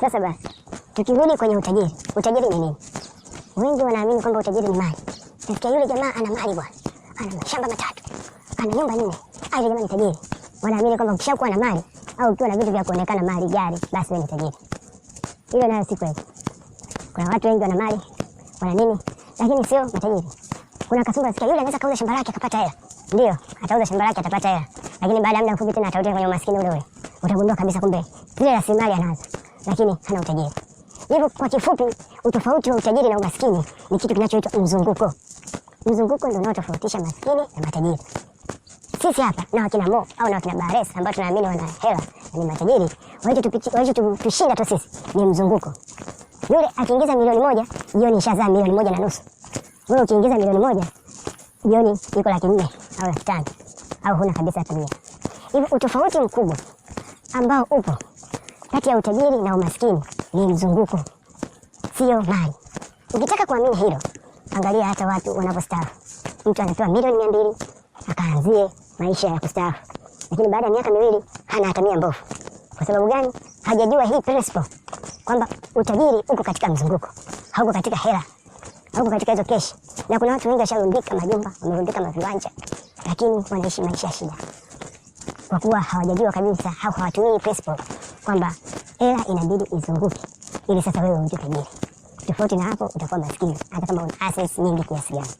Sasa basi tukirudi kwenye utajiri, utajiri ni nini? Wengi wanaamini kwamba utajiri ni mali. Nasikia yule jamaa ana mali bwana, ana mashamba matatu, ana nyumba nne, yule jamaa ni tajiri. Wanaamini kwamba ukishakuwa na mali au ukiwa na vitu vya kuonekana, mali, gari, basi wewe ni tajiri. Hilo nayo si kweli. Kuna watu wengi wana mali, wana nini, lakini sio matajiri. Kuna kasumba, sikia yule anaweza kauza shamba lake akapata hela. Ndio, atauza shamba lake atapata hela, lakini baada ya muda mfupi tena atarudi kwenye umaskini ule ule. Utagundua kabisa kumbe ile rasilimali anazo lakini hana utajiri. Hivyo kwa kifupi, utofauti wa utajiri na umaskini ni kitu kinachoitwa mzunguko. Mzunguko ndio unaotofautisha maskini na matajiri. Sisi hapa na wakina Mo au na wakina Bares ambao tunaamini wana hela na ni matajiri, waje walichotushinda tu sisi ni mzunguko. Yule akiingiza milioni moja jioni ishazaa milioni moja na nusu. Wewe ukiingiza milioni moja jioni iko laki nne au laki tano au huna kabisa hata mia. Hivyo utofauti mkubwa ambao upo kati ya utajiri na umaskini ni mzunguko, sio mali. Ukitaka kuamini hilo, angalia hata watu wanavyostaafu. Mtu anatoa milioni mia mbili akaanzie maisha ya kustaafu, lakini baada ya miaka miwili hana hata mia mbovu. Kwa sababu gani? Hajajua hii principle kwamba utajiri uko katika mzunguko, hauko katika hela, hauko katika hizo keshi. Na kuna watu wengi washarundika majumba, wamerundika maviwanja, lakini wanaishi maisha ya shida kwa kuwa hawajajua kabisa au hawatumii principle kwamba hela inabidi izunguke ili sasa wewe ulipe bili. Tofauti na hapo utakuwa maskini, hata kama una assets nyingi kiasi gani.